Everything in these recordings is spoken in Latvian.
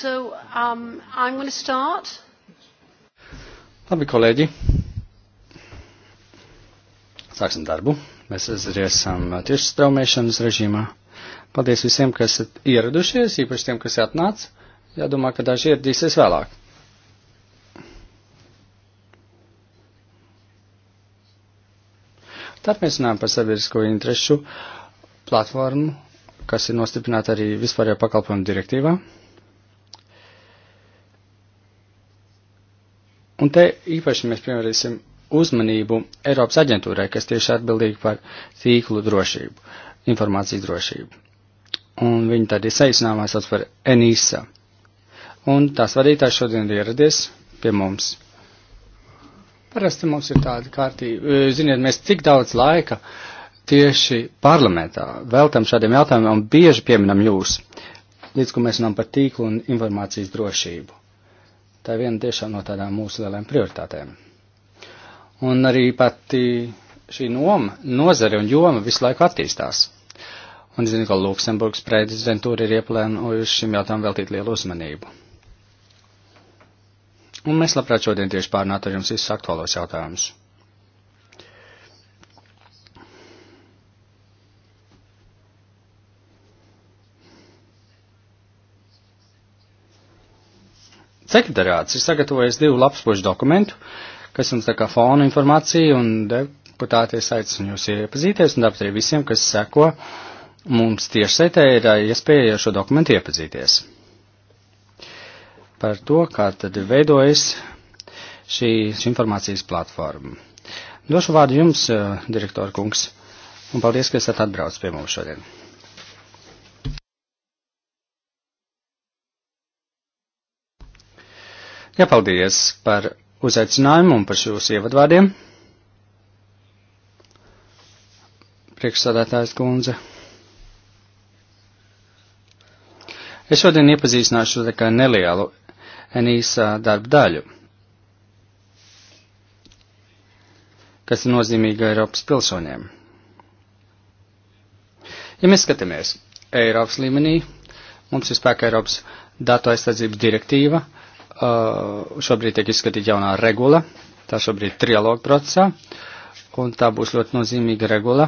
So um, I'm going to start. Labi, kolēģi. Sāksim darbu. Mēs esam tieši straumēšanas režīmā. Paldies visiem, kas esat ieradušies, īpaši tiem, kas atnāca. Jādomā, ka daži ieradīsies vēlāk. Tad mēs runājam par sabiedrisko interešu platformu, kas ir nostiprināta arī vispārējā pakalpojumu direktīvā. Un te īpaši mēs pievērsim uzmanību Eiropas aģentūrai, kas tieši atbildīga par tīklu drošību, informācijas drošību. Un viņi tad ir saīsinājumā sauc par ENISA. Un tās vadītājs šodien ir ieradies pie mums. Parasti mums ir tāda kārtība, ziniet, mēs cik daudz laika tieši parlamentā veltam šādiem jautājumiem un bieži pieminam jūs, līdz ko mēs runājam par tīklu un informācijas drošību. Tā ir viena tiešām no tādām mūsu lielām prioritātēm. Un arī pati šī noma, nozare un joma visu laiku attīstās. Un zinu, ka Luksemburgas prezidentūra ir ieplānojuši šim jautājumam veltīt lielu uzmanību. Un mēs labprāt šodien tieši pārnātu ar jums visus aktuālos jautājumus. Sekretariāts ir sagatavojis divu lapspošu dokumentu, kas jums tā kā fona informācija un deputāti es aicinu jūs iepazīties un tāpat arī visiem, kas seko mums tiešsaitē ir iespēja ar šo dokumentu iepazīties. Par to, kā tad veidojas šīs informācijas platforma. Došu vārdu jums, direktora kungs, un paldies, ka esat atbraucis pie mums šodien. Jā, paldies par uzaicinājumu un par jūsu ievadvārdiem. Priekšsādātājs Gunze. Es šodien iepazīstināšu tikai nelielu Enīsa darba daļu, kas ir nozīmīga Eiropas pilsoņiem. Ja mēs skatāmies Eiropas līmenī, mums ir spēka Eiropas datu aizsardzības direktīva, uh, Šobrīd tiek izskatīta jaunā regula, tā šobrīd ir trialoga procesā, un tā būs ļoti nozīmīga regula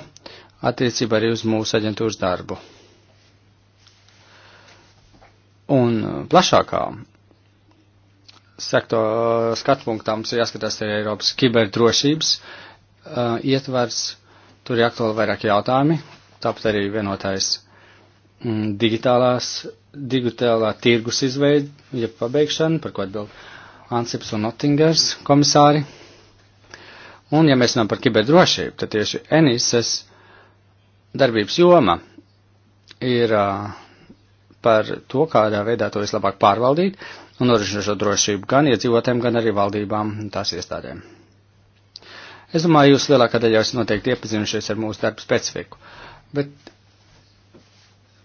attiecībā arī uz mūsu aģentūras darbu. Un plašākā sekto skatpunktā mums ir jāskatās arī Eiropas kiberdrošības uh, ietvers, tur ir aktuāli vairāk jautājumi, tāpat arī vienotais Mm, digitālās, digitālā tirgus izveidi, ja pabeigšana, par ko atbild Ansips un Nottingers komisāri. Un, ja mēs runājam par kiberdrošību, tad tieši Enises darbības joma ir uh, par to, kādā veidā to vislabāk pārvaldīt un norisināt drošību gan iedzīvotēm, gan arī valdībām un tās iestādēm. Es domāju, jūs lielākā daļa jau esat noteikti iepazinušies ar mūsu darbu specifiku, bet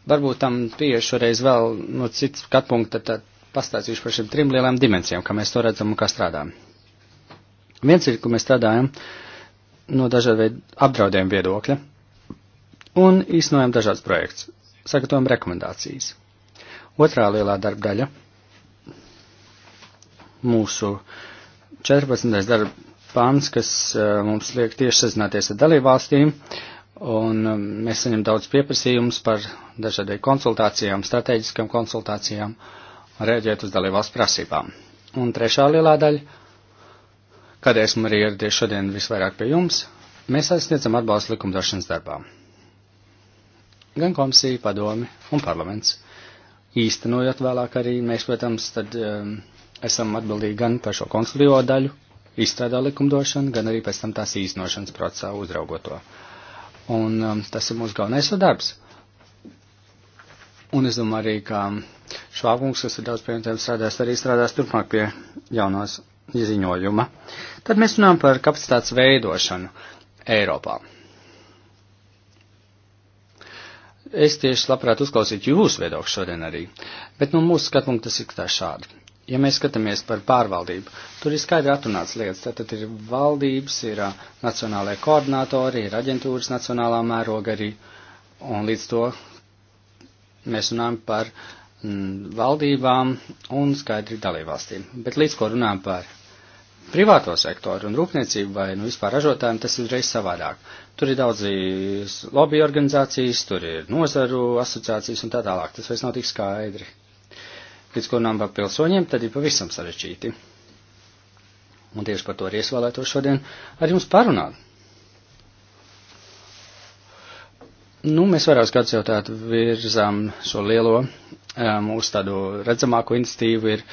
Varbūt tam pieeju šoreiz vēl no citas skatu punkta, tad pastāstīšu par šiem trim lielām dimensijām, kā mēs to redzam un kā strādājam. Viens ir, ka mēs strādājam no dažādu veidu apdraudējumu viedokļa un īstenojam dažādas projekts, sagatavojam rekomendācijas. Otrā lielā darba daļa - mūsu 14. darba pāns, kas eh, mums liek tieši sazināties ar dalībvalstīm. Uh, Un um, mēs saņem daudz pieprasījumus par dažādai konsultācijām, strateģiskām konsultācijām, rēģēt uz dalībās prasībām. Un trešā lielā daļa, kad esmu arī ieradies šodien visvairāk pie jums, mēs aizsniedzam atbalstu likumdošanas darbām. Gan komisija, padomi un parlaments. Īstenojot vēlāk arī mēs, protams, tad um, esam atbildīgi gan par šo konsultīvo daļu, izstrādā likumdošanu, gan arī pēc tam tās īstenošanas procesā uzraugoto. to. Un um, tas ir mūsu galvenais darbs. Un es domāju arī, ka Švābkungs, kas ir daudz pie tiem strādājis, arī strādās turpmāk pie jaunās ziņojuma. Tad mēs runājam par kapacitātes veidošanu Eiropā. Es tieši labprāt uzklausītu jūsu viedokli šodien arī, bet no nu, mūsu skatpunkta tas ir tā šādi ja mēs skatāmies par pārvaldību, tur ir skaidri atrunāts lietas. Tātad ir valdības, ir nacionālai koordinātori, ir aģentūras nacionālā mēroga arī, un līdz to mēs runājam par m, mm, valdībām un skaidri dalībvalstīm. Bet līdz ko runājam par privāto sektoru un rūpniecību vai nu, vispār ražotājiem, tas ir uzreiz savādāk. Tur ir daudz lobby organizācijas, tur ir nozaru asociācijas un tā tālāk. Tas vairs nav tik skaidri līdz kurnām par pilsoņiem, tad ir pavisam sarežģīti. Un tieši par to arī es vēlētos šodien ar jums parunāt. Nu, mēs vairākus gadus jau tādu virzām šo lielo, eh, mūsu um, tādu redzamāko institīvu ir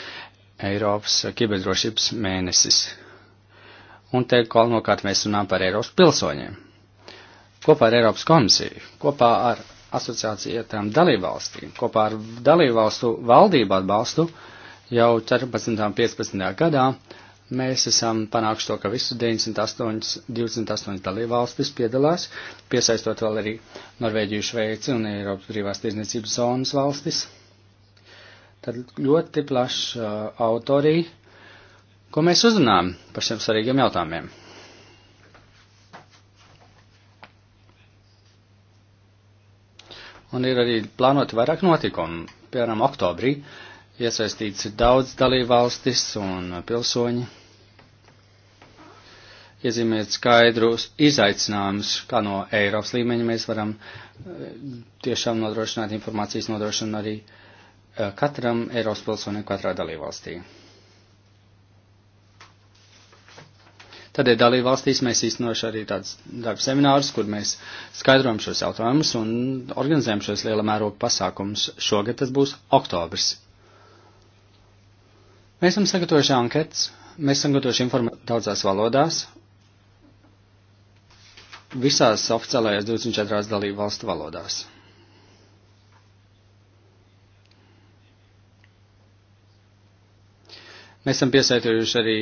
Eiropas kiberdrošības mēnesis. Un te galvenokārt mēs runājam par Eiropas pilsoņiem. Kopā ar Eiropas komisiju, kopā ar asociācijām dalībvalstīm. Kopā ar dalībvalstu valdību atbalstu jau 14. un 15. gadā mēs esam panākuši to, ka visu 98, 28 dalībvalstis piedalās, piesaistot vēl arī Norvēģiju, Šveici un Eiropas brīvās tirzniecības zonas valstis. Tad ļoti plašs uh, autorija, ko mēs uzrunājam par šiem svarīgiem jautājumiem. un ir arī plānoti vairāk notikumu. Piemēram, oktobrī iesaistīts ir daudz dalībvalstis un pilsoņi. Iezīmēt skaidrus izaicinājumus, kā no Eiropas līmeņa mēs varam eh, tiešām nodrošināt informācijas nodrošinu arī eh, katram Eiropas pilsonim katrā dalībvalstī. Tādēļ dalībvalstīs mēs īstenoši arī tādus darba seminārus, kur mēs skaidrojam šos jautājumus un organizējam šos liela mēroga pasākumus. Šogad tas būs oktobrs. Mēs esam sagatavojuši anketas, mēs esam gatavojuši informāciju daudzās valodās, visās oficiālajās 24 dalību valstu valodās. Mēs esam piesaistījuši arī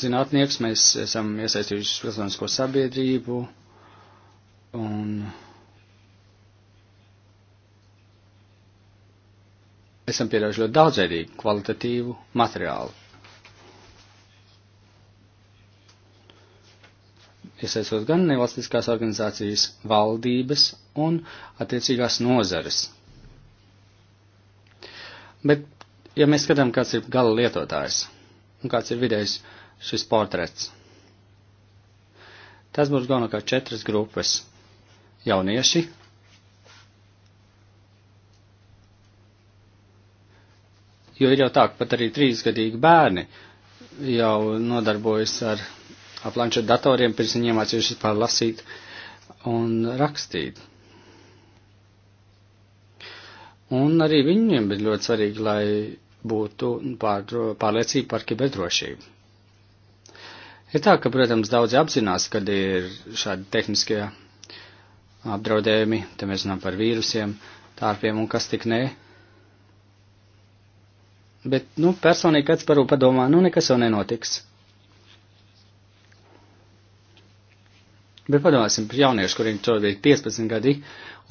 zinātniekus, mēs esam iesaistījuši pilsonisko sabiedrību un esam pieraduši ļoti daudzveidīgu kvalitatīvu materiālu. Iesaistot gan nevalstiskās organizācijas, valdības un attiecīgās nozares. Bet, ja mēs skatām, kāds ir gala lietotājs, un kāds ir vidējs šis portrets. Tas būs galvenokārt četras grupas - jaunieši, jo ir jau tā, ka pat arī trīsgadīgi bērni jau nodarbojas ar aplanču datoriem, pirms viņi iemācījušies vispār lasīt un rakstīt. Un arī viņiem ir ļoti svarīgi, lai būtu pār, pārliecīgi par kiberdrošību. Ir tā, ka, protams, daudzi apzinās, kad ir šādi tehniskie apdraudējumi, te mēs runājam par vīrusiem, tārpiem un kas tik nē. Bet, nu, personīgi pēc paru padomā, nu, nekas jau nenotiks. Bet padomāsim par jauniešu, kuriem to ir 15 gadi,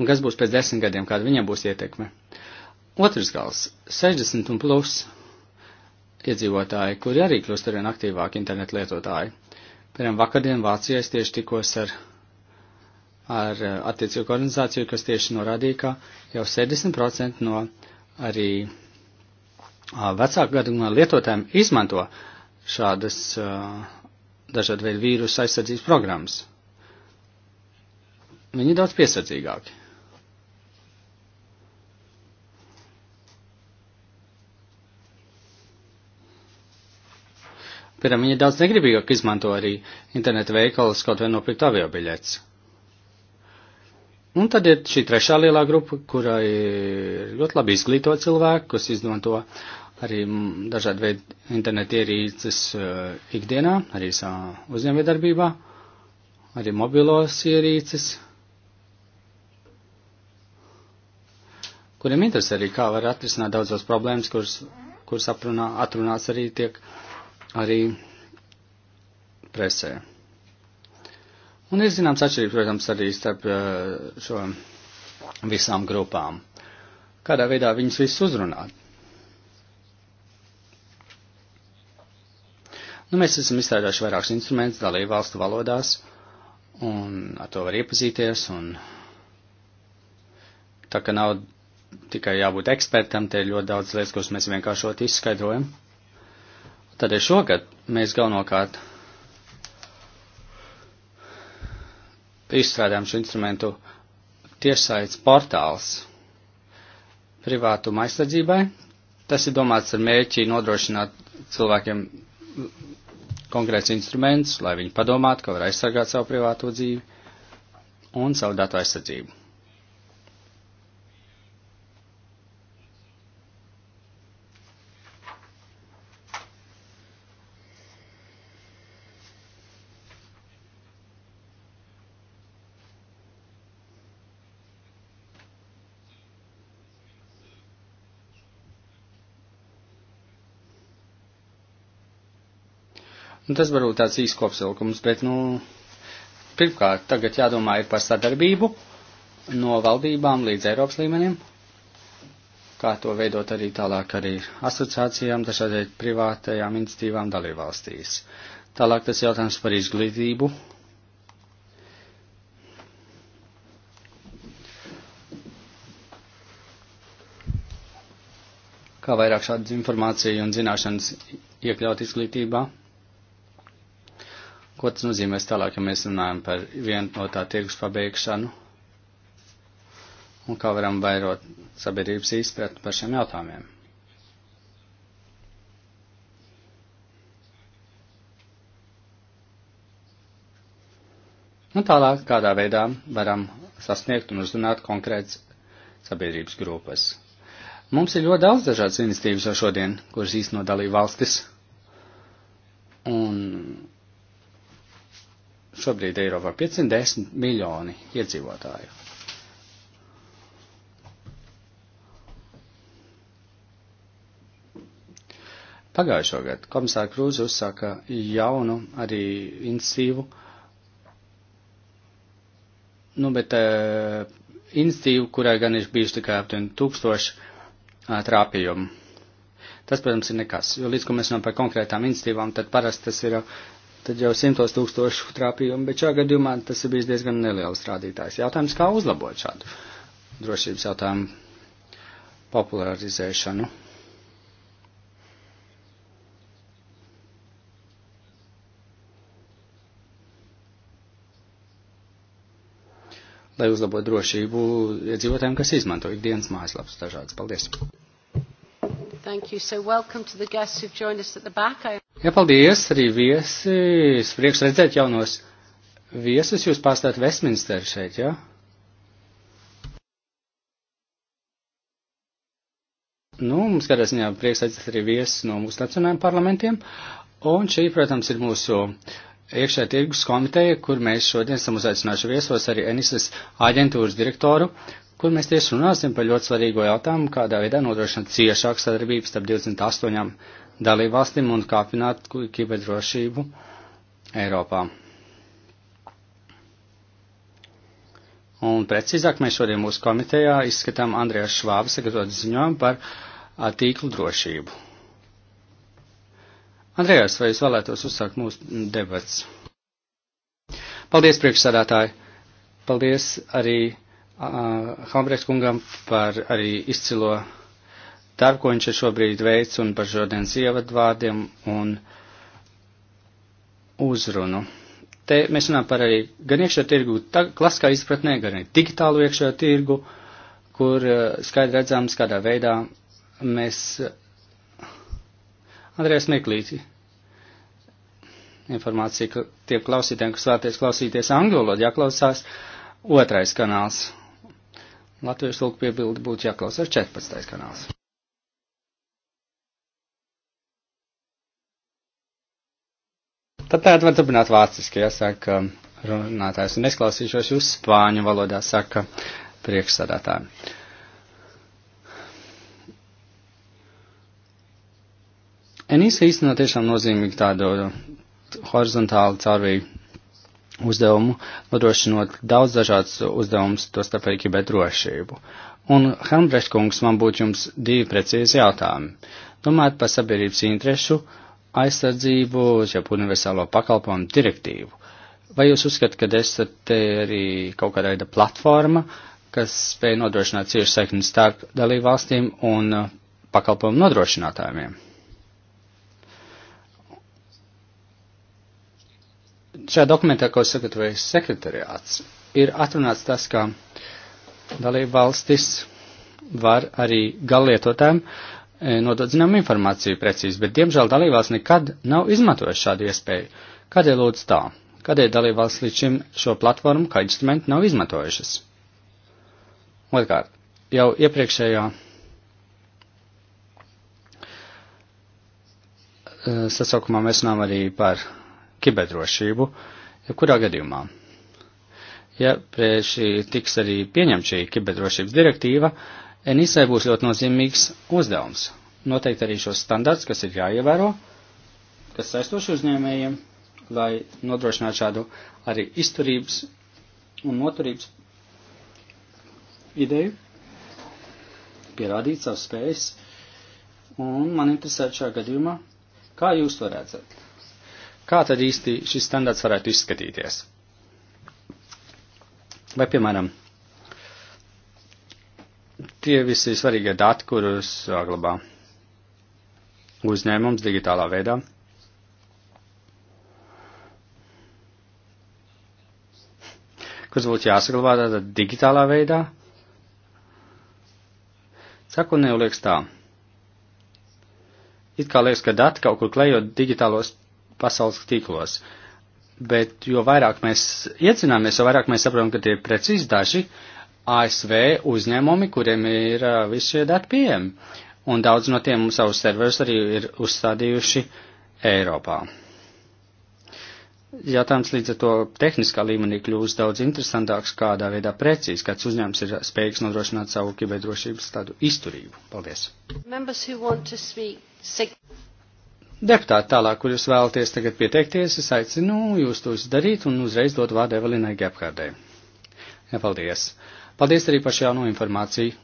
un kas būs pēc 10 gadiem, kāda viņam būs ietekme. Otrs gals - 60 un plus iedzīvotāji, kuri arī kļūst arvien aktīvāki internetu lietotāji. Piemēram, vakardien Vācijā es tieši tikos ar, ar eh, attiecīgu organizāciju, kas tieši norādīja, ka jau 70% no arī vecāku gadu lietotājiem izmanto šādas dažādu veidu vīrusu aizsardzības programmas. Viņi ir daudz piesardzīgāki. Piemēram, viņi daudz negribīgāk izmanto arī internetu veikalus kaut vai nopirkt aviobiļets. Un tad ir šī trešā lielā grupa, kurai ir ļoti labi izglīto cilvēku, kas izmanto arī dažādi veidi internetu ierīces uh, ikdienā, arī savā uzņēmējdarbībā, arī mobilos ierīces, kuriem interesē arī, kā var atrisināt daudzos problēmas, kuras, kuras aprunā, atrunāts arī tiek uh, arī presē. Un ir zināms atšķirības, protams, arī starp eh, šo visām grupām. Kādā veidā viņus visus uzrunāt? Nu, mēs esam izstrādājuši vairākus instrumentus dalību valstu valodās, un ar to var iepazīties, un tā ka nav tikai jābūt ekspertam, te ir ļoti daudz lietas, kuras mēs vienkāršot izskaidrojam. Tādēļ šogad mēs galvenokārt izstrādājam šo instrumentu tiešsaits portāls privātuma aizsardzībai. Tas ir domāts ar mērķi nodrošināt cilvēkiem konkrēts instruments, lai viņi padomātu, ka var aizsargāt savu privāto dzīvi un savu datu aizsardzību. tas varbūt tāds īsts kopsilkums, bet, nu, pirmkārt, tagad jādomā ir par sadarbību no valdībām līdz Eiropas līmenim, kā to veidot arī tālāk arī asociācijām, dažādai privātajām institīvām dalībvalstīs. Tālāk tas jautājums par izglītību. Kā vairāk šādas informācija un zināšanas iekļaut izglītībā? Ko tas nozīmēs tālāk, ja mēs runājam par vienu no tā tirgus pabeigšanu? Un kā varam vairot sabiedrības izpratni par šiem jautājumiem? Un tālāk, kādā veidā varam sasniegt un uzrunāt konkrēts sabiedrības grupas. Mums ir ļoti daudz dažādas iniciatīvas jau šodien, kuras īstenot dalību valstis. Un šobrīd Eiropā 510 miljoni iedzīvotāju. Pagājušo gadu komisāra Krūze uzsāka jaunu arī institīvu, nu, bet uh, eh, institīvu, kurai gan ir bijuši tikai aptuveni tūkstoši uh, trāpījumu. Tas, protams, ir nekas, jo līdz, ko mēs runājam par konkrētām institīvām, tad parasti tas ir uh, tad jau simtos tūkstošu trāpījumu, bet šā gadījumā tas ir bijis diezgan neliels rādītājs. Jautājums, kā uzlabot šādu drošības jautājumu popularizēšanu? Lai uzlabotu drošību iedzīvotājiem, kas izmanto ikdienas mājaslapus dažādas. Paldies! Thank you. So welcome to the guests who've joined us at the back. I Jā, ja, paldies arī viesis. Prieks redzēt jaunos viesus. Jūs pārstāt Westminsteru šeit, jā? Ja? Nu, mums kādā ziņā prieks redzēt arī viesus no mūsu nacionālajiem parlamentiem. Un šī, protams, ir mūsu iekšē tirgus komiteja, kur mēs šodien esam uzaicinājuši viesos arī Enises aģentūras direktoru, kur mēs tieši runāsim par ļoti svarīgo jautājumu, kādā veidā nodrošina ciešāk sadarbības starp 28 dalībvalstīm un kāpināt kiberdrošību Eiropā. Un precīzāk mēs šodien mūsu komitejā izskatām Andrijas Švāba sagatavot ziņojumu par tīklu drošību. Andrijas, vai jūs vēlētos uzsākt mūsu debats? Paldies, priekšsādātāji! Paldies arī uh, Hambrechts kungam par arī izcilo darbu, ko viņš ir šobrīd veids un par šodienas ievadvārdiem un uzrunu. Te mēs runājam par arī gan iekšā tirgu, tā, klasiskā izpratnē, gan arī digitālu iekšā tirgu, kur eh, skaidri redzams, kādā veidā mēs. Eh, Andrēs Meklīti. Informācija ka tiem klausītājiem, kas vēlaties klausīties angļu valodu, jāklausās otrais kanāls. Latviešu lūk piebildi būtu jāklausās 14. kanāls. Tad tādā var turpināt vāciski, jāsaka runātājs, un es klausīšos jūs spāņu valodā, saka priekšsādātāji. Enisa īstenībā tiešām nozīmīgi tādu horizontālu caurvīju uzdevumu, nodrošinot daudz dažādus uzdevumus, to starp arī kiberdrošību. Un, Helmbrecht kungs, man būtu jums divi precīzi jautājumi. Domājot par sabiedrības interešu, uh, aizsardzību, jeb universālo pakalpojumu direktīvu. Vai jūs uzskatāt, ka esat te arī kaut kāda veida platforma, kas spēj nodrošināt ciešu saikni starp dalībvalstīm un uh, pakalpojumu nodrošinātājiem? Šajā dokumentā, ko sagatavojas sekretariāts, ir atrunāts tas, ka dalībvalstis var arī gallietotēm uh, E, nodot zinām informāciju precīzi, bet diemžēl dalībvalsts nekad nav izmantojis šādu iespēju. Kādēļ lūdzu tā? Kādēļ dalībvalsts līdz šim šo platformu kā instrumentu nav izmantojušas? Otrkārt, jau iepriekšējā e, sasaukumā mēs runājam arī par kiberdrošību, ja kurā gadījumā. Ja priekš tiks arī pieņemta šī kiberdrošības direktīva, uh, NISai būs ļoti nozīmīgs uzdevums. Noteikti arī šos standarts, kas ir jāievēro, kas saistoši uzņēmējiem, lai nodrošinātu šādu arī izturības un noturības ideju, pierādīt savas spējas. Un man interesē šajā gadījumā, kā jūs to redzat? Kā tad īsti šis standarts varētu izskatīties? Vai, piemēram, tie visi svarīgie dati, kurus saglabā uzņēmums digitālā veidā. Kas būtu jāsaglabā tādā digitālā veidā? Saku, neulieks tā. It kā liekas, ka dati kaut kur klejot digitālos pasaules tīklos, bet jo vairāk mēs iedzināmies, jo vairāk mēs saprotam, ka tie ir precīzi daži, uh, ASV uzņēmumi, kuriem ir uh, visi šie dati pieejami. Un daudz no tiem savus serverus arī ir uzstādījuši Eiropā. Jautājums līdz ar to tehniskā līmenī kļūst daudz interesantāks, kādā veidā precīzi kāds uzņēmums ir spējīgs nodrošināt savu kiberdrošības tādu izturību. Paldies! Deputāti tālāk, kur jūs vēlaties tagad pieteikties, es aicinu jūs to darīt un uzreiz dot vārdu Evelinai Gepkārdai. Jā, paldies! Uh, Paldies arī par šo jauno informāciju.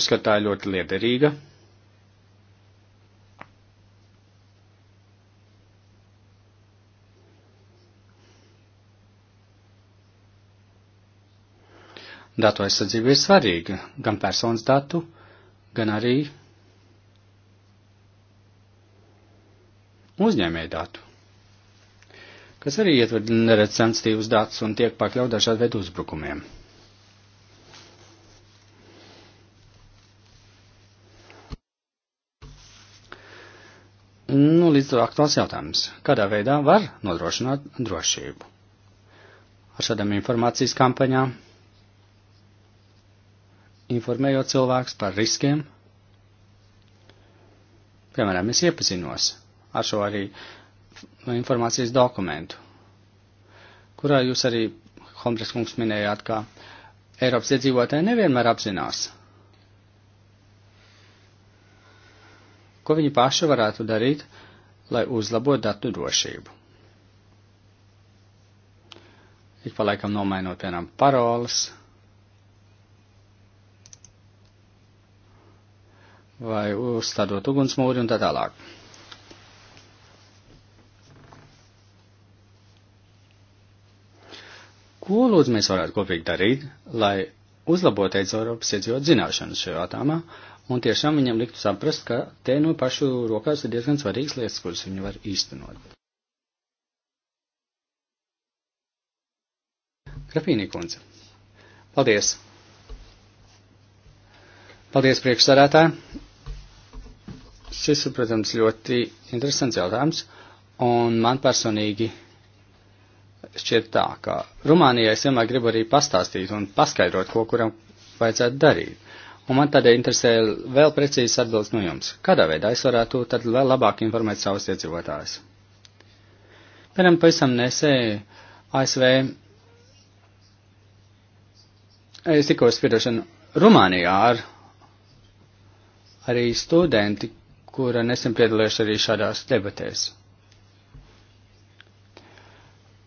Uzskatā ļoti liederīga. Datu aizsardzība ir svarīga gan personas datu, gan arī uzņēmēju datu kas arī ietver neredz sensitīvus datus un tiek pakļaut dažādu veidu uzbrukumiem. Nu, līdz to aktuāls jautājums. Kādā veidā var nodrošināt drošību? Ar šādām informācijas kampaņām, informējot cilvēkus par riskiem. Piemēram, es iepazinos ar šo arī uh, no informācijas dokumentu, kurā jūs arī, Homres kungs, minējāt, ka Eiropas iedzīvotāji nevienmēr apzinās, ko viņi paši varētu darīt, lai uzlabotu datu drošību. Ik pa laikam nomainot, piemēram, paroles, vai uzstādot ugunsmūri un tā tālāk. Ko lūdzu mēs varētu kopīgi darīt, lai uzlabotu Eiropas iedzīvot zināšanas šajā jautājumā un tiešām viņam liktu saprast, ka te no pašu rokās ir diezgan svarīgas lietas, kuras viņi var īstenot. Grafīnī kundze. Paldies. Paldies priekšsarētāji. Šis ir, protams, ļoti interesants jautājums, un man personīgi šķiet tā, ka Rumānijai es vienmēr gribu arī pastāstīt un paskaidrot, ko kuram vajadzētu darīt. Un man tādēļ interesē vēl precīzi atbildes no jums. Kādā veidā es varētu tad vēl labāk informēt savus iedzīvotājus? Piemēram, pavisam nesēju ASV. Es tikko spiedošanu Rumānijā ar arī studenti, kura nesen piedalījuši arī šādās debatēs.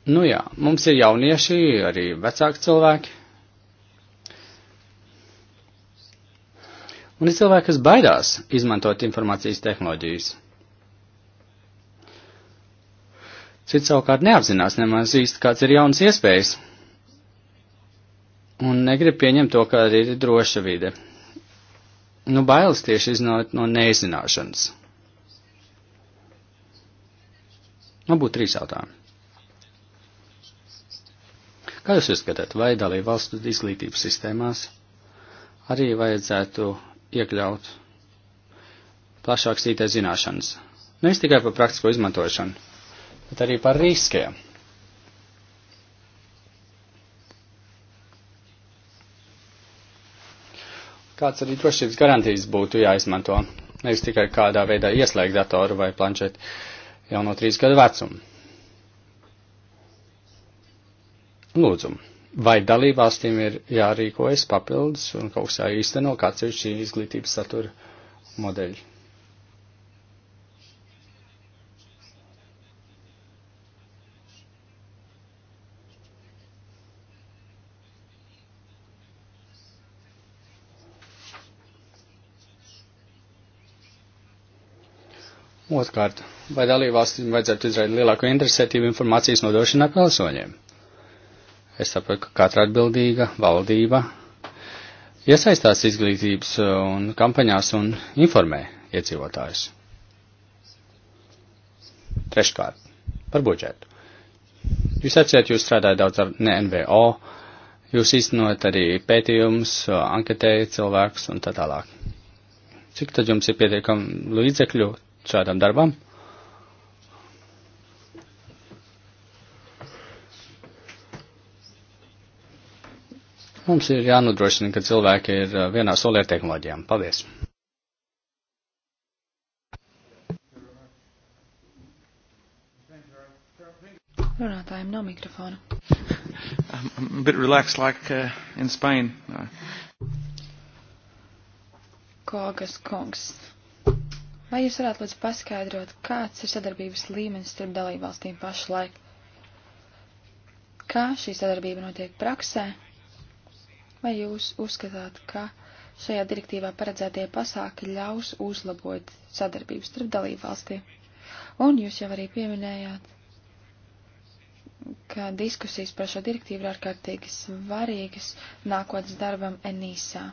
Nu jā, mums ir jaunieši, arī vecāki cilvēki. Un ir cilvēki, kas baidās izmantot informācijas tehnoloģijas. Cits savukārt neapzinās nemaz īsti, kāds ir jaunas iespējas. Un negrib pieņemt to, ka ir droša vide. Nu, bailes tieši iznot no nezināšanas. Man nu, būtu trīs jautājumi. Kā jūs uzskatāt, vai dalību valstu izglītības sistēmās arī vajadzētu iekļaut plašākas IT zināšanas? Nevis tikai par praktisko izmantošanu, bet arī par riskiem. Kāds arī drošības garantijas būtu jāizmanto, nevis tikai kādā veidā ieslēgt datoru vai planšeti jau no trīs gadu vecuma. Lūdzu, vai dalībvalstīm ir jārīkojas papildus un kaut kas jāīsteno, kāds ir šī izglītības satura modeļi? Otkārt, vai dalībvalstīm vajadzētu izraidīt lielāku interesētību informācijas nodošanā pilsoņiem? Es saprotu, ka katra atbildīga valdība iesaistās izglītības e, un kampaņās un informē iedzīvotājus. Treškārt, par budžetu. Jūs atcerat, jūs strādājat daudz ar ne NVO, jūs īstenot arī pētījumus, e, anketējat cilvēkus un tā tālāk. Cik tad jums ir pietiekami līdzekļu šādam darbam? Mums ir jānodrošina, ka cilvēki ir uh, vienā solī ar tehnoloģijām. Paldies! Runātājiem nav mikrofona. I'm a bit relaxed like uh, in Spain. No. Kogas kungs. Vai jūs varētu lūdzu paskaidrot, kāds ir sadarbības līmenis starp dalībvalstīm pašlaik? Kā šī sadarbība notiek praksē? Vai jūs uzskatāt, ka šajā direktīvā paredzētie pasāki ļaus uzlabot sadarbību starp dalībvalstī? Un jūs jau arī pieminējāt, ka diskusijas par šo direktīvu ir ārkārtīgi svarīgas nākotnes darbam Enīsā.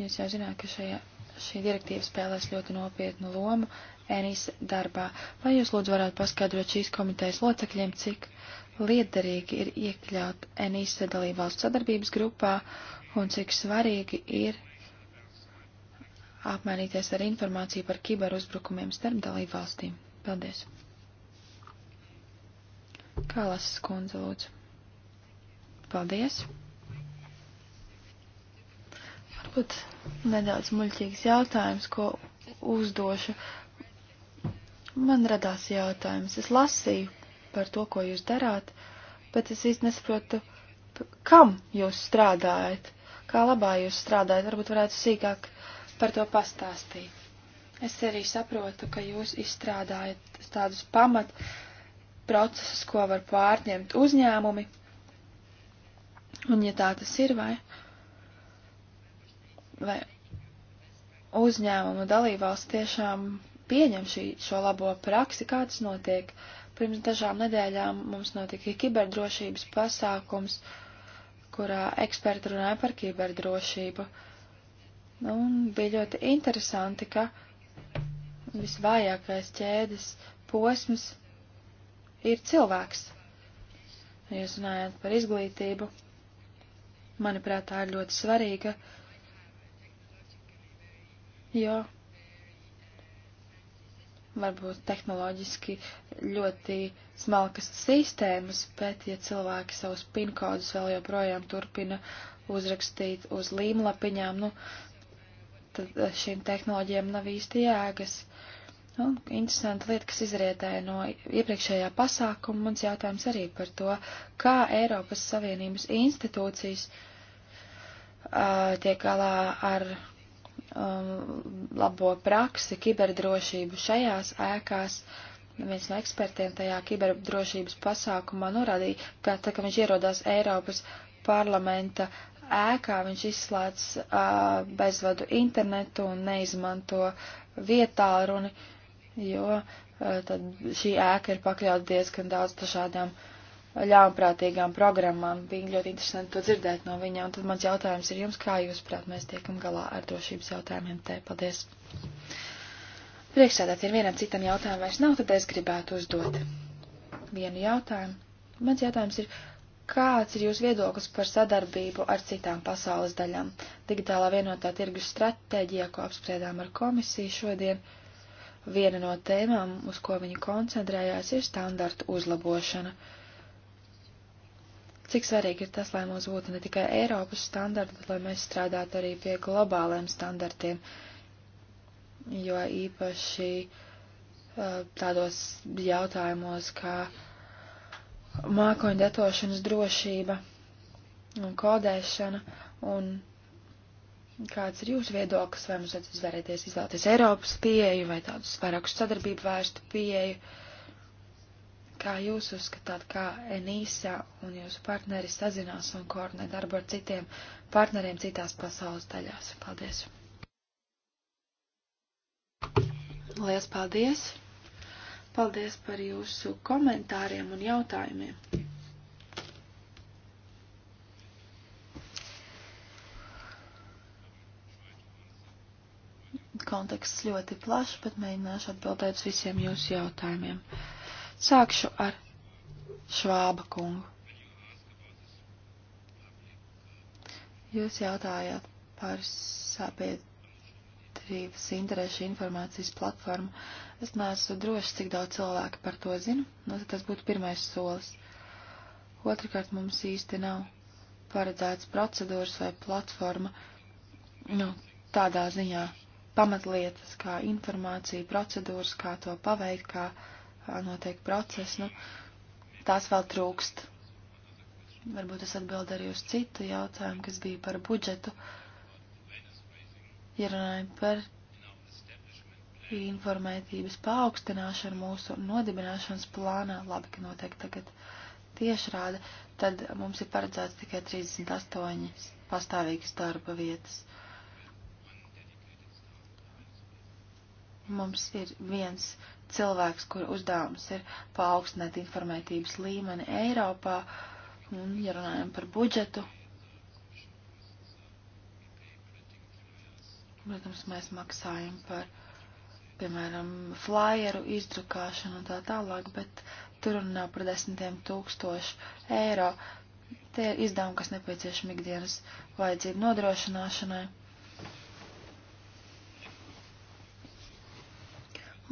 Jūs jau zināt, ka šajā, šī direktīva spēlēs ļoti nopietnu lomu Enīsa darbā. Vai jūs lūdzu varētu paskaidrot šīs komitejas locekļiem, cik liederīgi ir iekļaut NISA dalībvalstu sadarbības grupā un cik svarīgi ir apmainīties ar informāciju par kiberuzbrukumiem starp dalībvalstīm. Paldies! Kālas skundze lūdzu. Paldies! Varbūt nedaudz muļķīgs jautājums, ko uzdošu. Man radās jautājums. Es lasīju par to, ko jūs darāt, bet es īsti nesaprotu, kam jūs strādājat, kā labā jūs strādājat, varbūt varētu sīkāk par to pastāstīt. Es arī saprotu, ka jūs izstrādājat tādus pamat procesus, ko var pārņemt uzņēmumi, un ja tā tas ir, vai, vai uzņēmumu dalībvalsts tiešām pieņem šī, šo labo praksi, kā tas notiek, uh, Pirms dažām nedēļām mums notika kiberdrošības pasākums, kurā eksperti runāja par kiberdrošību. Nu, un bija ļoti interesanti, ka visvājākais ķēdes posms ir cilvēks. Jūs runājat par izglītību. Manuprāt, tā ir ļoti svarīga, jo varbūt tehnoloģiski ļoti smalkas sistēmas, bet ja cilvēki savus pinkodus vēl joprojām turpina uzrakstīt uz līmlapiņām, nu, tad eh, šīm tehnoloģijām nav īsti jēgas. Nu, interesanta lieta, kas izrietēja no iepriekšējā pasākuma, mans jautājums arī par to, kā Eiropas Savienības institūcijas uh, tiek galā ar um, labo praksi, kiberdrošību šajās ēkās. Viens no ekspertiem tajā kiberdrošības pasākumā norādīja, ka tā kā viņš ierodās Eiropas parlamenta ēkā, viņš izslēdz uh, bezvadu internetu un neizmanto vietālruni, jo uh, tad šī ēka ir pakļauta diezgan daudz dažādām uh, ļaunprātīgām programmām. Bija ļoti interesanti to dzirdēt no viņa, un tad mans jautājums ir jums, kā jūs, prāt, mēs tiekam galā ar drošības jautājumiem te. Paldies! Priekšsēdāt, ja vienam citam jautājumu vairs nav, tad es gribētu uzdot vienu jautājumu. Mans jautājums ir, kāds ir jūsu viedoklis par sadarbību ar citām pasaules daļām? Digitālā vienotā tirgus stratēģijā, ko apspriedām ar komisiju šodien, viena no tēmām, uz ko viņi koncentrējās, ir standartu uzlabošana. Uh, Cik svarīgi ir tas, lai mums būtu ne tikai Eiropas standarti, bet lai mēs strādātu arī pie globāliem standartiem, jo īpaši tādos jautājumos kā mākoņu datošanas drošība un kodēšana un Kāds ir jūsu viedoklis, vai mums vajadzētu izvēlēties izvēlēties Eiropas pieeju vai tādus vairākus sadarbību vērstu pieeju? Uh, kā jūs uzskatāt, kā Enīsa un jūsu partneri sazinās un koordinē darbu ar citiem partneriem citās pasaules daļās? Paldies! Lielas paldies! Paldies par jūsu komentāriem un jautājumiem! Konteksts ļoti plašs, bet mēģināšu atbildēt visiem jūsu jautājumiem. Uh, Sākšu ar Švāba kungu. Jūs jautājāt par sabiedrības interešu informācijas platformu. Es neesmu drošs, cik daudz cilvēku par to zinu, nu, no tad tas būtu pirmais solis. Otrakārt mums īsti nav paredzēts procedūras vai platforma, nu, tādā ziņā pamatlietas kā informācija, procedūras, kā to paveikt, kā notiek process, nu, tās vēl trūkst. Varbūt es atbildu arī uz citu jautājumu, kas bija par budžetu. Ja runājam par informētības paaugstināšanu mūsu nodibināšanas plānā, labi, ka notiek tagad tiešrāda, tad mums ir paredzēts tikai 38 pastāvīgas darba vietas. Mums ir viens cilvēks, kur uzdevums ir paaugstināt informētības līmeni Eiropā, un, ja runājam par budžetu, protams, mēs maksājam par, piemēram, flyeru izdrukāšanu un tā tālāk, bet tur runā par desmitiem tūkstošu eiro. Tie ir izdevumi, kas nepieciešami ikdienas vajadzību nodrošināšanai.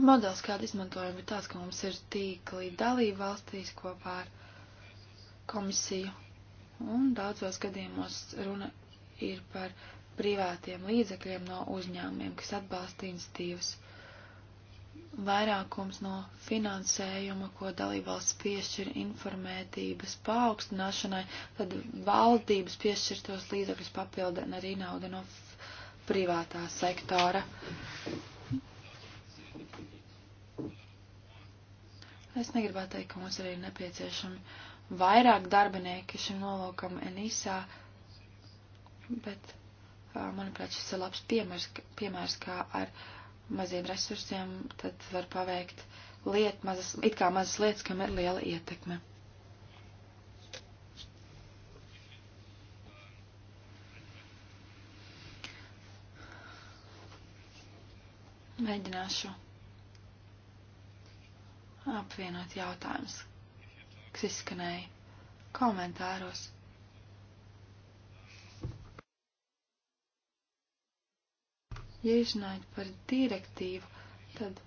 Modelis, kādu izmantojam, ir tāds, ka mums ir tīkli dalība valstīs kopā ar komisiju, un daudzos gadījumos runa ir par privātiem līdzekļiem no uzņēmumiem, kas atbalsta institīvas. Vairākums no finansējuma, ko dalībvalsts piešķir informētības paaugstināšanai, tad valdības piešķir tos līdzekļus papildina arī nauda no privātā sektora. Es negribētu teikt, ka mums arī ir nepieciešami vairāk darbinieki šim nolūkam Enīsā, bet, manuprāt, šis ir labs piemērs, piemērs kā ar maziem resursiem tad var paveikt liet, mazas, it kā mazas lietas, kam ir liela ietekme. Mēģināšu apvienot jautājumus, kas izskanēja komentāros. Ja runājot par direktīvu, tad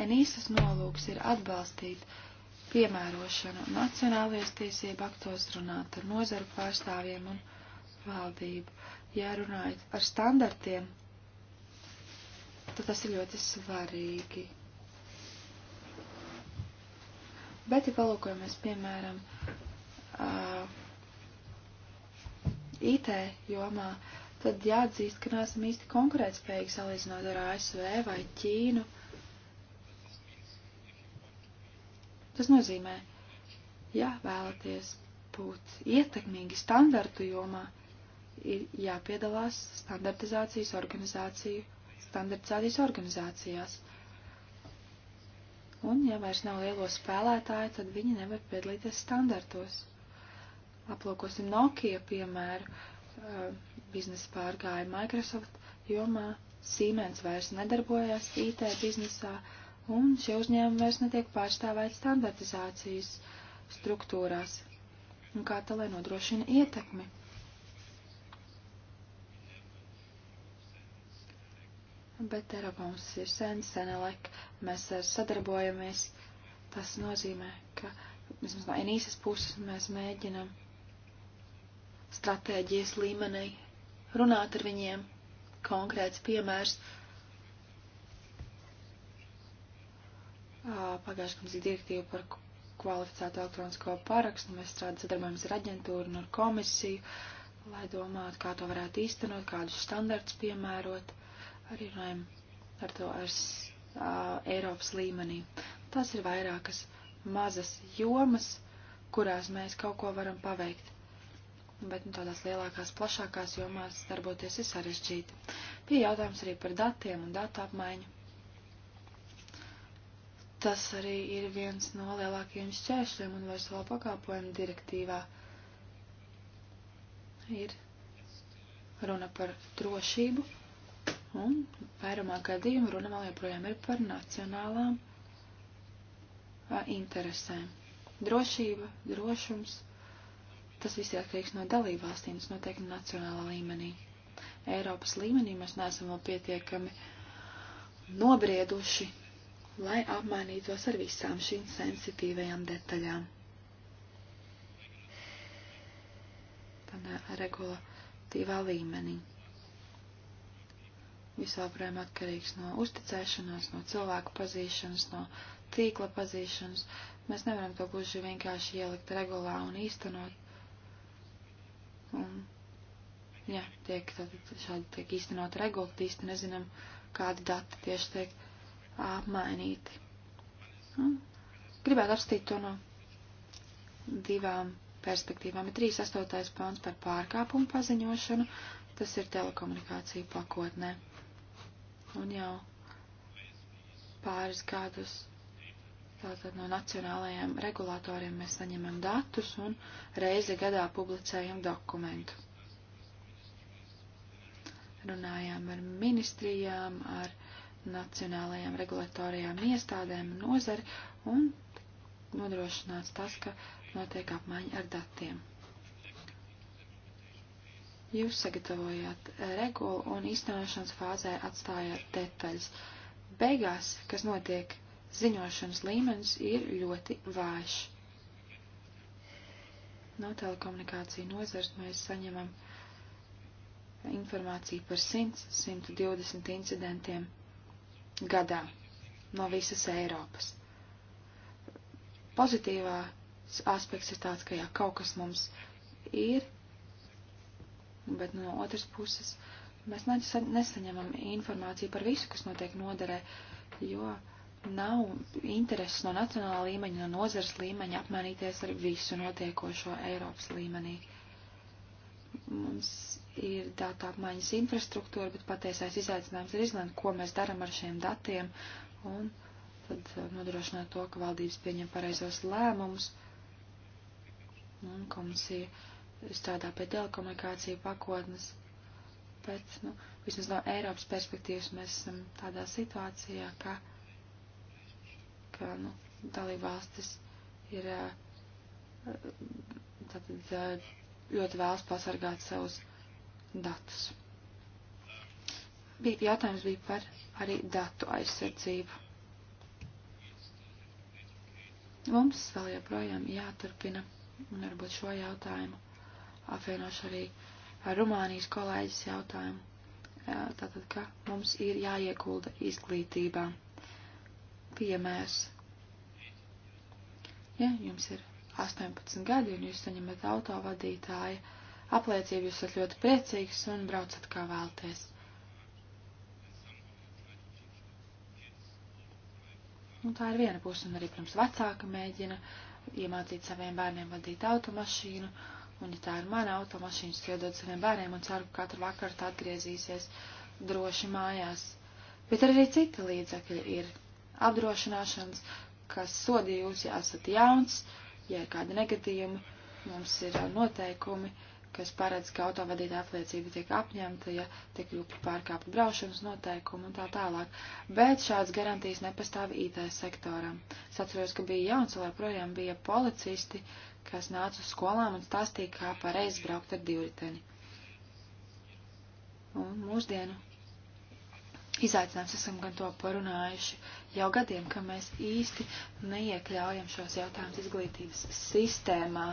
Enīsas nolūks ir atbalstīt piemērošanu nacionālajos tiesību aktos, runāt ar nozaru pārstāvjiem un valdību. Ja runājot par standartiem, tad tas ir ļoti svarīgi. Bet, ja palūkojamies, piemēram, uh, IT jomā, tad jāatzīst, ka neesam īsti konkurētspējīgi salīdzinot ar ASV vai Ķīnu. Tas nozīmē, ja vēlaties būt ietekmīgi standartu jomā, ir jāpiedalās standartizācijas organizāciju, standartizācijas organizācijās. Un, ja vairs nav lielo spēlētāju, tad viņi nevar piedalīties standartos. Aplūkosim Nokia piemēru. Uh, biznesa pārgāja Microsoft jomā, Siemens vairs nedarbojās IT biznesā, un šie uzņēmumi vairs netiek pārstāvēti standartizācijas struktūrās. Un kā tā lai nodrošina ietekmi? bet Eiropā mums ir sen, sena laika, mēs sadarbojamies. Tas nozīmē, ka vismaz no enīsas puses mēs mēģinam stratēģijas līmenī runāt ar viņiem, konkrēts piemērs. Pagājušajā gadā direktīva par kvalificētu elektronisko parakstu, mēs strādājam sadarbojamies ar aģentūru un ar komisiju, lai domātu, kā to varētu īstenot, kādus standarts piemērot arī runājam ar to ar uh, Eiropas līmenī. Tas ir vairākas mazas jomas, kurās mēs kaut ko varam paveikt. Bet nu, tādās lielākās, plašākās jomās darboties ir sarežģīti. Bija jautājums arī par datiem un datu apmaiņu. Tas arī ir viens no lielākajiem šķēršļiem un vairs vēl pakāpojumu direktīvā. Ir runa par drošību Un vairumā gadījumu runa vēl joprojām ir par nacionālām interesēm. Drošība, drošums, tas viss ir atkarīgs no dalībvalstīm, tas noteikti nacionālā līmenī. Eiropas līmenī mēs neesam vēl pietiekami nobrieduši, lai apmainītos ar visām šīm sensitīvajām detaļām. Tādā regulatīvā līmenī visāprēm atkarīgs no uzticēšanās, no cilvēku pazīšanas, no tīkla pazīšanas. Mēs nevaram to gluži vienkārši ielikt regulā un īstenot. Un, jā, tiek, tad, šādi tiek īstenot regula, īsti nezinām, kādi dati tieši tiek apmainīti. Un, nu, gribētu apstīt to no divām perspektīvām. Ir 3.8. pāns par pārkāpumu paziņošanu, tas ir telekomunikācija pakotnē un jau pāris gadus tātad no nacionālajiem regulātoriem mēs saņemam datus un reizi gadā publicējam dokumentu. Runājām ar ministrijām, ar nacionālajām regulatorijām iestādēm nozari un nodrošināts tas, ka notiek apmaiņa ar datiem. Jūs sagatavojāt eh, regulu un īstenošanas fāzē atstājāt detaļas. Beigās, kas notiek, ziņošanas līmenis ir ļoti vājš. No telekomunikāciju nozars mēs saņemam informāciju par 100-120 incidentiem gadā no visas Eiropas. Pozitīvā aspekts ir tāds, ka jā, kaut kas mums ir bet no otras puses mēs nesaņemam informāciju par visu, kas notiek noderē, jo nav intereses no nacionāla līmeņa, no nozares līmeņa apmainīties ar visu notiekošo Eiropas līmenī. Mums ir datu apmaiņas infrastruktūra, bet patiesais izaicinājums ir izlēmt, ko mēs daram ar šiem datiem un tad uh, nodrošināt to, ka valdības pieņem pareizos lēmumus un komisija strādā pie telekomunikāciju pakotnes, bet, nu, vismaz no Eiropas perspektīvas mēs esam tādā situācijā, ka, ka nu, dalībvalstis ir eh, tātad eh, ļoti vēlas pasargāt savus datus. Bija jautājums bija par arī datu aizsardzību. Mums vēl joprojām jāturpina un varbūt šo jautājumu apvienošu arī ar Rumānijas kolēģis jautājumu. Tātad, ka mums ir jāiekulda izglītībā. Piemērs. Ja jums ir 18 gadi un jūs saņemat autovadītāja apliecību, jūs esat ļoti priecīgs un braucat kā vēlties. Un tā ir viena puse, un arī pirms vecāka mēģina iemācīt saviem bērniem vadīt automašīnu, uh, Un, ja tā ir mana automašīna, es to iedodu saviem bērniem un ceru, ka katru vakaru tā atgriezīsies droši mājās. Bet arī citi līdzekļi ir apdrošināšanas, kas sodi jūs, ja esat jauns, ja ir kādi negadījumi, mums ir noteikumi, kas paredz, ka autovadītāja apliecība tiek apņemta, ja tiek rūpīgi pārkāpta braušanas noteikumi un tā tālāk. Bet šāds garantijas nepastāv IT sektoram. Es atceros, ka bija jauns, vēl joprojām bija policisti, uh, kas nāca uz skolām un stāstīja, kā pareizi braukt ar divriteni. Un mūsdienu izaicinājums esam gan to parunājuši jau gadiem, ka mēs īsti neiekļaujam šos jautājumus izglītības sistēmā,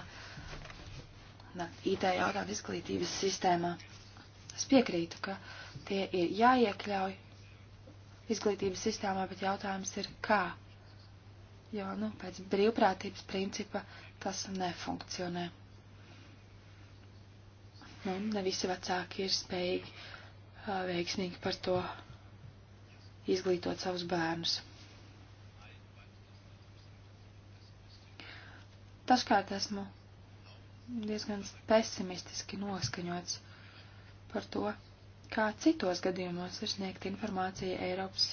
ne, IT jautājumu izglītības sistēmā. Es piekrītu, ka tie ir jāiekļauj izglītības sistēmā, bet jautājums ir kā. Jo, nu, pēc brīvprātības principa tas nefunkcionē. Nu, ne visi vecāki ir spējīgi uh, veiksmīgi par to izglītot savus bērnus. Dažkārt esmu diezgan pesimistiski noskaņots par to, kā citos gadījumos ir sniegt informācija Eiropas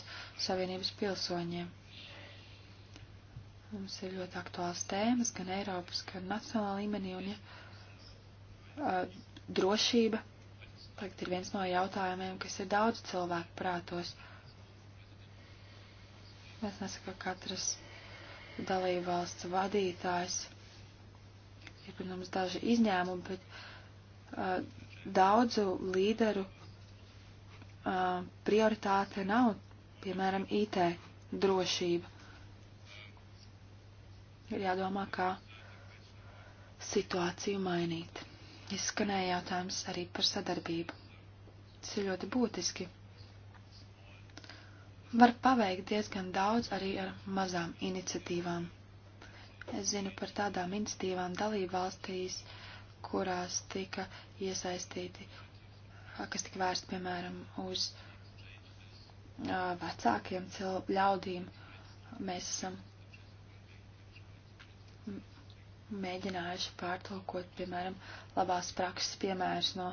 Savienības pilsoņiem. Mums ir ļoti aktuāls tēmas, gan Eiropas, gan nacionālā līmenī, un ja, drošība tagad ir viens no jautājumiem, kas ir daudz cilvēku prātos. Mēs nesaka, ka katras dalībvalsts vadītājs ir, protams, daži izņēmumi, bet uh, daudzu līderu uh, prioritāte nav, piemēram, IT drošība ir jādomā, kā situāciju mainīt. Izskanēja jautājums arī par sadarbību. Tas ir ļoti būtiski. Var paveikt diezgan daudz arī ar mazām iniciatīvām. Es zinu par tādām iniciatīvām dalību valstīs, kurās tika iesaistīti, kas tika vērsts, piemēram, uz uh, vecākiem cilvēkiem. Mēs esam mēģinājuši pārtulkot, piemēram, labās prakses piemērus no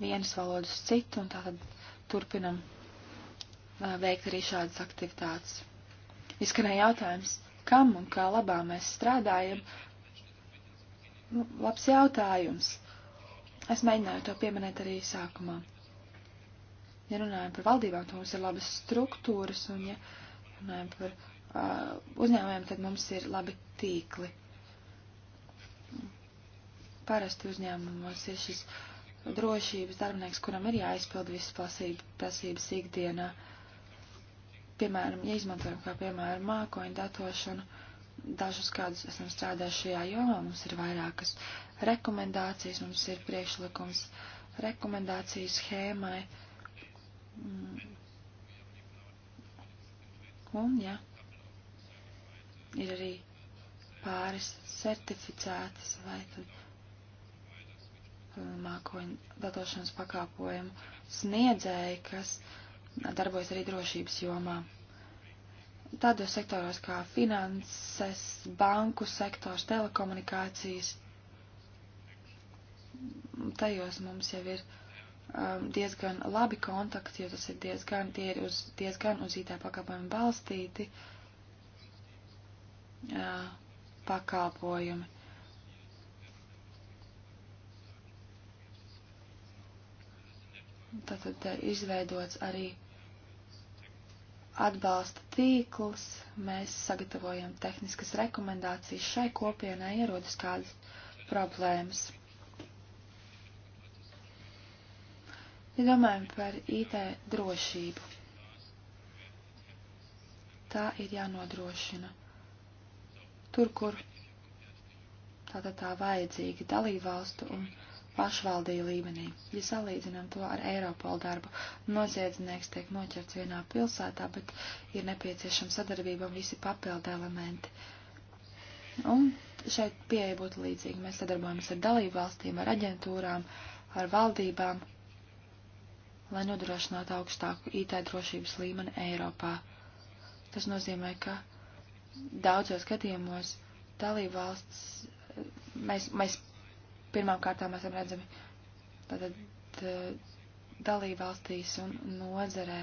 vienas valodas uz citu, un tātad turpinam veikt arī šādas aktivitātes. Izskanēja jautājums, kam un kā labā mēs strādājam? Nu, labs jautājums. Es mēģināju to pieminēt arī sākumā. Ja runājam par valdībām, tad mums ir labas struktūras, un ja runājam par uh, uzņēmumiem, tad mums ir labi tīkli. Parasti uzņēmumos ir šis drošības darbinieks, kuram ir jāizpild visas prasības ikdienā. Piemēram, ja izmantojam kā piemēram mākoņu datošanu, dažus gadus esam strādājuši šajā jomā, mums ir vairākas rekomendācijas, mums ir priekšlikums rekomendāciju schēmai. Mm. Un, ja, ir arī pāris certificētas vai tad mākoņu datošanas pakāpojumu sniedzēji, kas darbojas arī drošības jomā. Tādos sektoros kā finanses, banku sektors, telekomunikācijas, tajos mums jau ir um, diezgan labi kontakti, jo tas ir diezgan, tie ir uz, diezgan uz IT pakalpojumu balstīti uh, pakalpojumi Tātad ir eh, izveidots arī atbalsta tīkls. Mēs sagatavojam tehniskas rekomendācijas šai kopienai, ierodas kādas problēmas. Ja domājam par IT drošību, tā ir jānodrošina. Tur, kur tātad tā vajadzīga dalībvalstu un pašvaldīju līmenī. Ja salīdzinām to ar Eiropolu darbu, noziedznieks tiek noķerts vienā pilsētā, bet ir nepieciešama sadarbība un visi papildu elementi. Un šeit pieeja būtu līdzīga. Mēs sadarbojamies ar dalību valstīm, ar aģentūrām, ar valdībām, lai nodrošinātu augstāku IT drošības līmeni Eiropā. Tas nozīmē, ka daudzos gadījumos dalību valsts mēs, mēs pirmām kārtām esam redzami tātad dalībvalstīs un nozerē.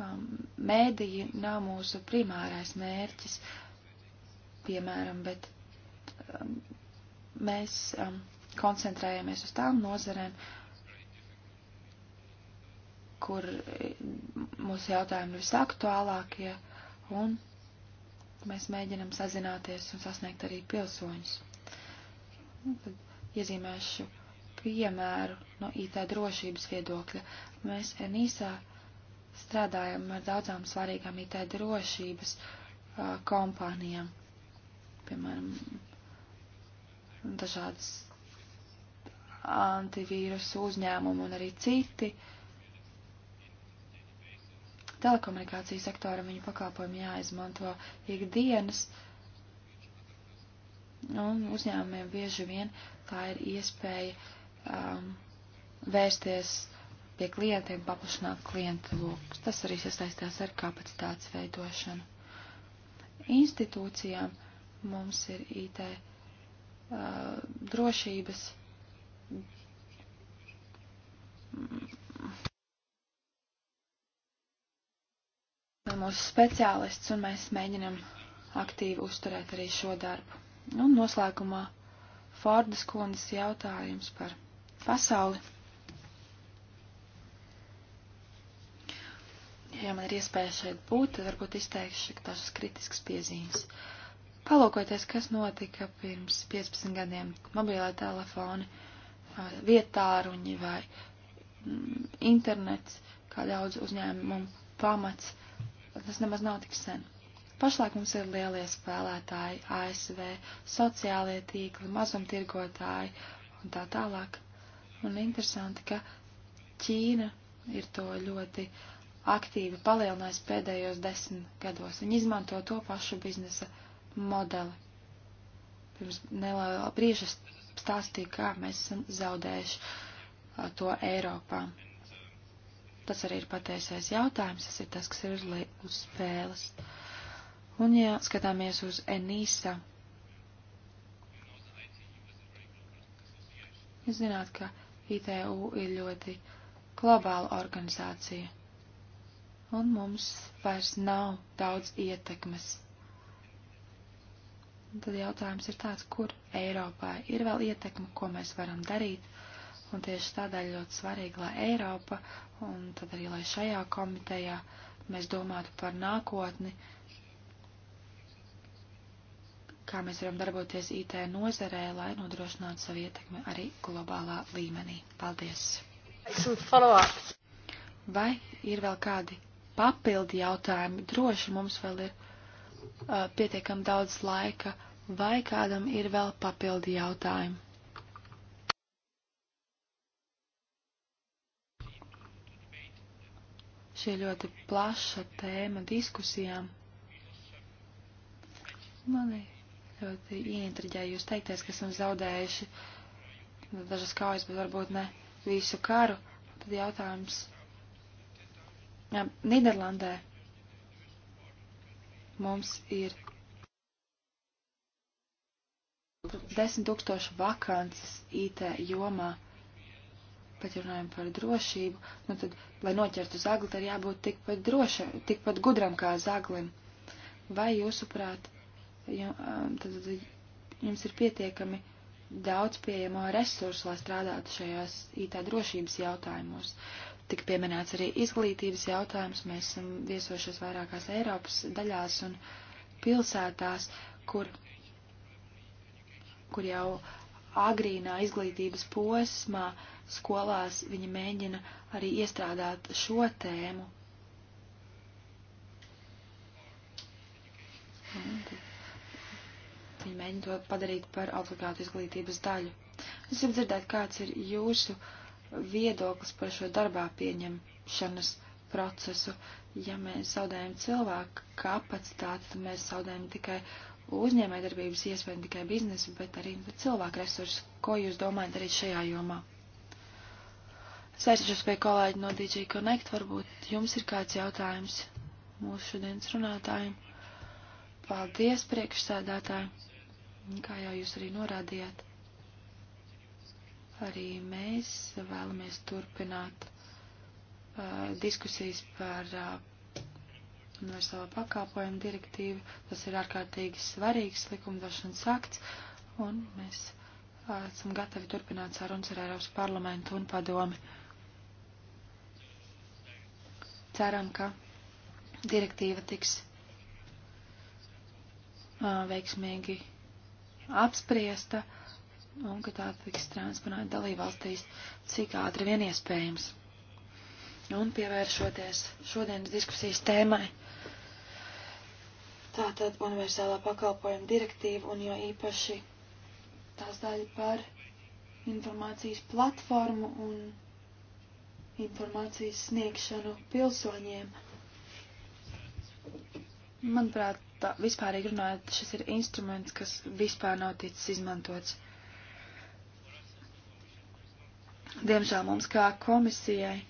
Um, mēdīji nav mūsu primārais mērķis, piemēram, bet um, mēs um, koncentrējamies uz tām nozerēm, kur mūsu jautājumi ir visaktuālākie un mēs mēģinam sazināties un sasniegt arī pilsoņus. Un nu, tad iezīmēšu piemēru no IT drošības viedokļa. Mēs NISA strādājam ar daudzām svarīgām IT drošības uh, kompānijām. Piemēram, dažādas antivīrusu uzņēmumu un arī citi uh, telekomunikāciju sektoram viņu pakalpojumi jāizmanto ikdienas, un uzņēmumiem bieži vien tā ir iespēja um, vērsties pie klientiem, paplašināt klientu lūkus. Tas arī sasaistās ar kapacitātes veidošanu. Institūcijām mums ir IT uh, drošības mūsu speciālists, un mēs mēģinam aktīvi uzturēt arī šo darbu. Un noslēgumā Fordas kundas jautājums par pasauli. Ja man ir iespēja šeit būt, tad varbūt izteikšu dažas kritiskas piezīmes. Palūkoties, kas notika pirms 15 gadiem, mobilā telefoni, vietā ruņi vai mm, internets, kā daudz uzņēmumu pamats tas nemaz nav tik sen. Pašlaik mums ir lielie spēlētāji, ASV, sociālie tīkli, mazumtirgotāji un tā tālāk. Un interesanti, ka Ķīna ir to ļoti aktīvi palielinājusi pēdējos desmit gados. Viņi izmanto to pašu biznesa modeli. Pirms neliela brīža stāstīja, kā mēs esam zaudējuši to Eiropā. Tas arī ir patiesais jautājums, tas ir tas, kas ir uz spēles. Un, ja skatāmies uz Enīsa, jūs zināt, ka ITU ir ļoti globāla organizācija, un mums vairs nav daudz ietekmes. Un tad jautājums ir tāds, kur Eiropā ir vēl ietekme, ko mēs varam darīt, Un tieši tādēļ ļoti svarīgi, lai Eiropa un tad arī lai šajā komitejā mēs domātu par nākotni, kā mēs varam darboties IT nozarē, lai nodrošinātu savu ietekmi arī globālā līmenī. Paldies! Vai ir vēl kādi papildi jautājumi? Droši mums vēl ir uh, pietiekam daudz laika, vai kādam ir vēl papildi jautājumi? Šī ļoti plaša tēma diskusijām. Mani ļoti ieintriģēja jūs teikties, ka esam zaudējuši dažas kaujas, bet varbūt ne visu karu. Tad jautājums. Jā, Nīderlandē mums ir desmit tūkstoši vakances IT jomā pat ja runājam par drošību, nu tad, lai noķertu zagli, tad jābūt tikpat droša, tikpat gudram kā zaglim. Vai jūsuprāt, um, tad jums ir pietiekami daudz pieejamo resursu, lai strādātu šajās IT drošības jautājumos? Tik pieminēts arī izglītības jautājums, mēs esam viesojušies vairākās Eiropas daļās un pilsētās, kur, kur jau agrīnā izglītības posmā uh, skolās viņi mēģina arī iestrādāt šo tēmu. Viņi mēģina to padarīt par obligātu izglītības daļu. Es gribu dzirdēt, kāds ir jūsu viedoklis par šo darbā pieņemšanas procesu. Ja mēs zaudējam cilvēku kapacitāti, tad mēs zaudējam tikai uzņēmējdarbības iespēju, ne tikai biznesu, bet arī cilvēku resursus. Ko jūs domājat arī šajā jomā? Sēžos pie kolēģi no DJ Connect, varbūt jums ir kāds jautājums mūsu šodienas runātājiem. Paldies, priekšsēdētāji, kā jau jūs arī norādījāt. Arī mēs vēlamies turpināt uh, diskusijas par uh, universālo pakāpojumu direktīvu. Tas ir ārkārtīgi svarīgs likumdošanas akts, un mēs esam gatavi turpināt sarunas ar Eiropas parlamentu un padomi. Ceram, ka direktīva tiks uh, veiksmīgi apspriesta un ka tā tiks transponēta dalībvalstīs cik ātri vien iespējams. Un pievēršoties šodienas diskusijas tēmai. Tātad universālā pakalpojuma direktīva un jo īpaši tās daļa par informācijas platformu un informācijas sniegšanu pilsoņiem. Manuprāt, tā, vispārīgi runājot, šis ir instruments, kas vispār nav ticis izmantots. Diemžēl mums kā komisijai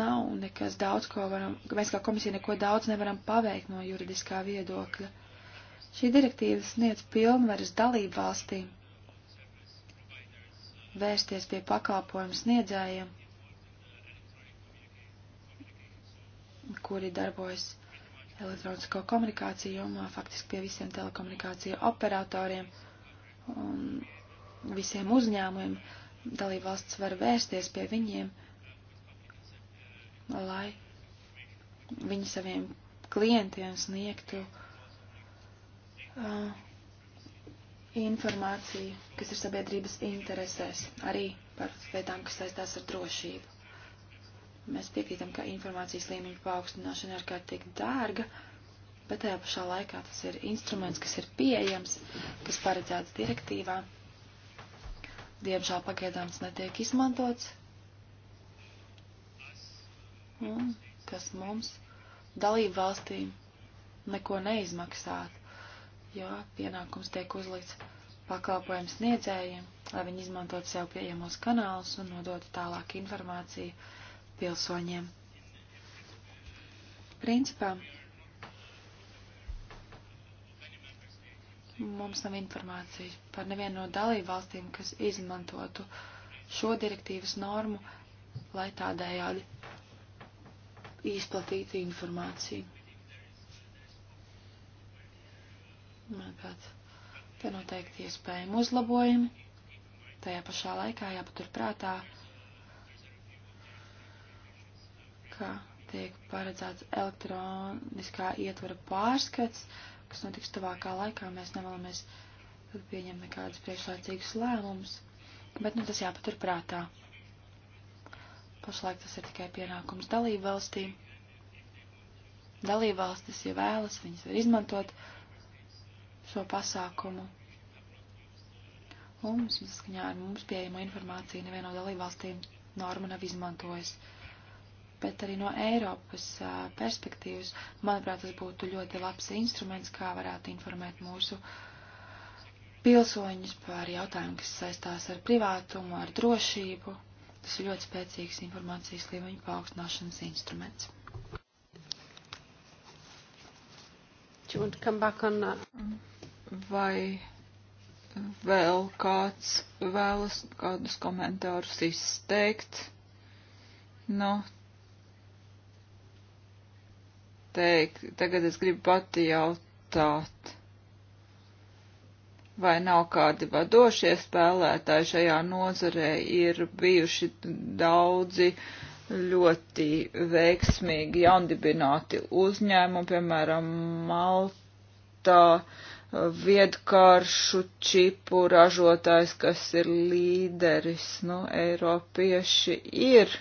nav nekas daudz, ko varam, mēs kā komisija neko daudz nevaram paveikt no juridiskā viedokļa. Šī direktīva sniedz pilnvaras dalību valstīm vērsties pie pakalpojumu sniedzējiem kuri darbojas elektronisko komunikāciju jomā, faktiski pie visiem telekomunikāciju operatoriem un visiem uzņēmumiem. Dalībvalsts var vērsties pie viņiem, lai viņi saviem klientiem sniegtu uh, informāciju, kas ir sabiedrības interesēs, arī par lietām, kas saistās ar drošību. Mēs piekrītam, ka informācijas līmeņa paaugstināšana ir ārkārtīgi dārga, bet tajā pašā laikā tas ir instruments, kas ir pieejams, kas paredzēts direktīvā. Diemžēl pagaidām tas netiek izmantots. Un tas mums dalību valstīm neko neizmaksāt, jo pienākums tiek uzlikts pakalpojumu sniedzējiem, lai viņi izmantotu sev pieejamos kanālus un nodotu tālāk informāciju pilsoņiem. Principā mums nav informācijas par nevienu no dalību valstīm, kas izmantotu šo direktīvas normu, lai tādējādi izplatītu informāciju. Manuprāt, te noteikti iespējami uzlabojumi. Tajā pašā laikā jāpatur prātā, ka tiek paredzēts elektroniskā ietvara pārskats, kas notiks tuvākā laikā. Mēs nevēlamies pieņemt nekādus priekšlaicīgus lēmumus, bet nu, tas jāpatur prātā. Pašlaik tas ir tikai pienākums dalību valstīm. Dalību valstis, ja vēlas, viņas var izmantot šo pasākumu. Un, saskaņā ar mums pieejamo informāciju, nevieno dalību valstīm norma nav izmantojusi bet arī no Eiropas perspektīvas, manuprāt, tas būtu ļoti labs instruments, kā varētu informēt mūsu pilsoņus par jautājumu, kas saistās ar privātumu, ar drošību. Tas ir ļoti spēcīgs informācijas līmeņa paaugstināšanas instruments. Vai vēl kāds vēlas kādus komentārus izteikt? Nu, teikt, tagad es gribu pati jautāt, vai nav kādi vadošie spēlētāji šajā nozarē, ir bijuši daudzi ļoti veiksmīgi jaundibināti uzņēmumi, piemēram, Maltā, viedkāršu čipu ražotājs, kas ir līderis, nu, Eiropieši ir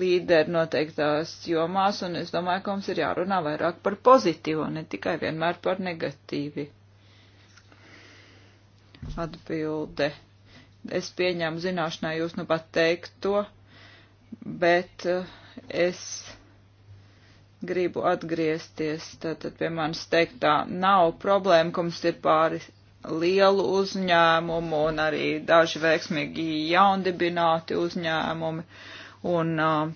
līderi noteiktās jomās, un es domāju, ka mums ir jārunā vairāk par pozitīvo, ne tikai vienmēr par negatīvi. Atbilde. Es pieņēmu zināšanā jūs nu pat teikt to, bet eh, es gribu atgriezties tātad pie manis teiktā. Nav problēma, ka mums ir pāris lielu uzņēmumu un arī daži veiksmīgi jaundibināti uzņēmumi. Uh, un uh,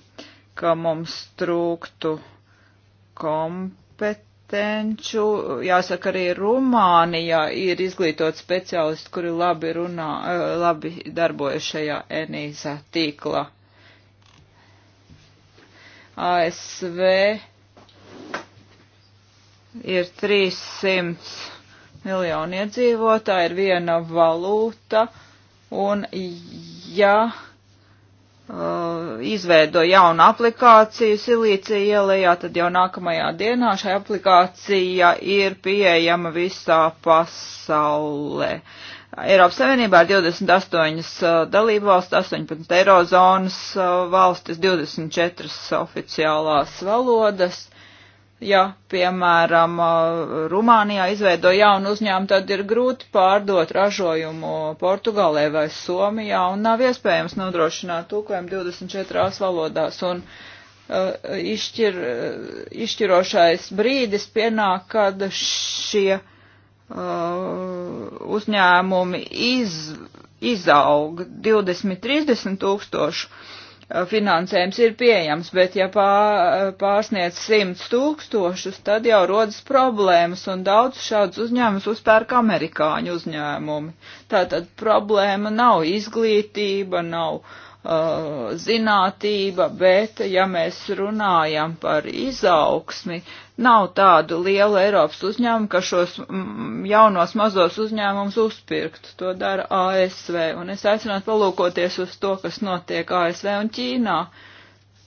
ka mums trūktu kompetenču. Jāsaka, arī Rumānijā ir izglītot speciālisti, kuri labi, runā, uh, labi darbojas šajā enīza tīklā. ASV ir 300 miljoni iedzīvotāji, ir viena valūta, un ja Uh, izveido jaunu aplikāciju Silīcija ielējā, tad jau nākamajā dienā šī aplikācija ir pieejama visā pasaulē. Eiropas Savienībā ir 28 uh, dalību valsts, 18 eirozonas uh, valstis, 24 oficiālās valodas. Ja, piemēram, uh, Rumānijā izveido jaunu uzņēmumu, tad ir grūti pārdot ražojumu Portugālē vai Somijā un nav iespējams nodrošināt tūkojumu 24 valodās. Un uh, izšķir, uh, izšķirošais brīdis pienāk, kad šie uh, uzņēmumi iz, izaug 20-30 tūkstošu finansējums ir pieejams, bet ja pārsniec 100 tūkstošus, tad jau rodas problēmas, un daudz šādus uzņēmumus uzpērk amerikāņu uzņēmumi. Tātad problēma nav izglītība, nav uh, zinātība, bet ja mēs runājam par izaugsmi, nav tādu lielu Eiropas uzņēmumu, ka šos jaunos mazos uzņēmumus uzpirktu. To dara ASV, un es aicinātu palūkoties uz to, kas notiek ASV un Ķīnā.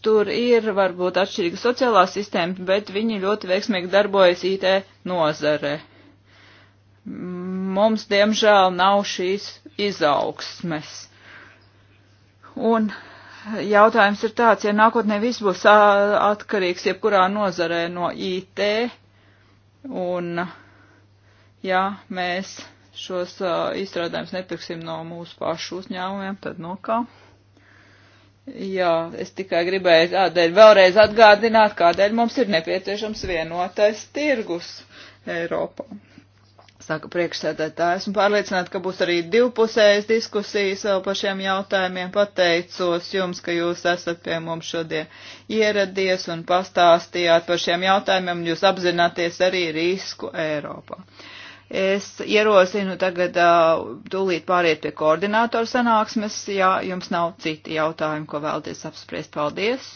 Tur ir varbūt atšķirīga sociālā sistēma, bet viņi ļoti veiksmīgi darbojas IT nozare. Mums, diemžēl, nav šīs izaugsmes Un jautājums ir tāds, ja nākotnē viss būs atkarīgs jebkurā nozarē no IT, un ja mēs šos izstrādājumus nepirksim no mūsu pašu uzņēmumiem, tad no kā? Jā, es tikai gribēju tādēļ vēlreiz atgādināt, kādēļ mums ir nepieciešams vienotais tirgus Eiropā saka priekšsēdētāja. Esmu pārliecināta, ka būs arī divpusējas diskusijas vēl par šiem jautājumiem. Pateicos jums, ka jūs esat pie mums šodien ieradies un pastāstījāt par šiem jautājumiem, un jūs apzināties arī risku Eiropā. Es ierosinu tagad tūlīt pāriet pie koordinātoru sanāksmes, ja jums nav citi jautājumi, ko vēlties apspriest. Paldies!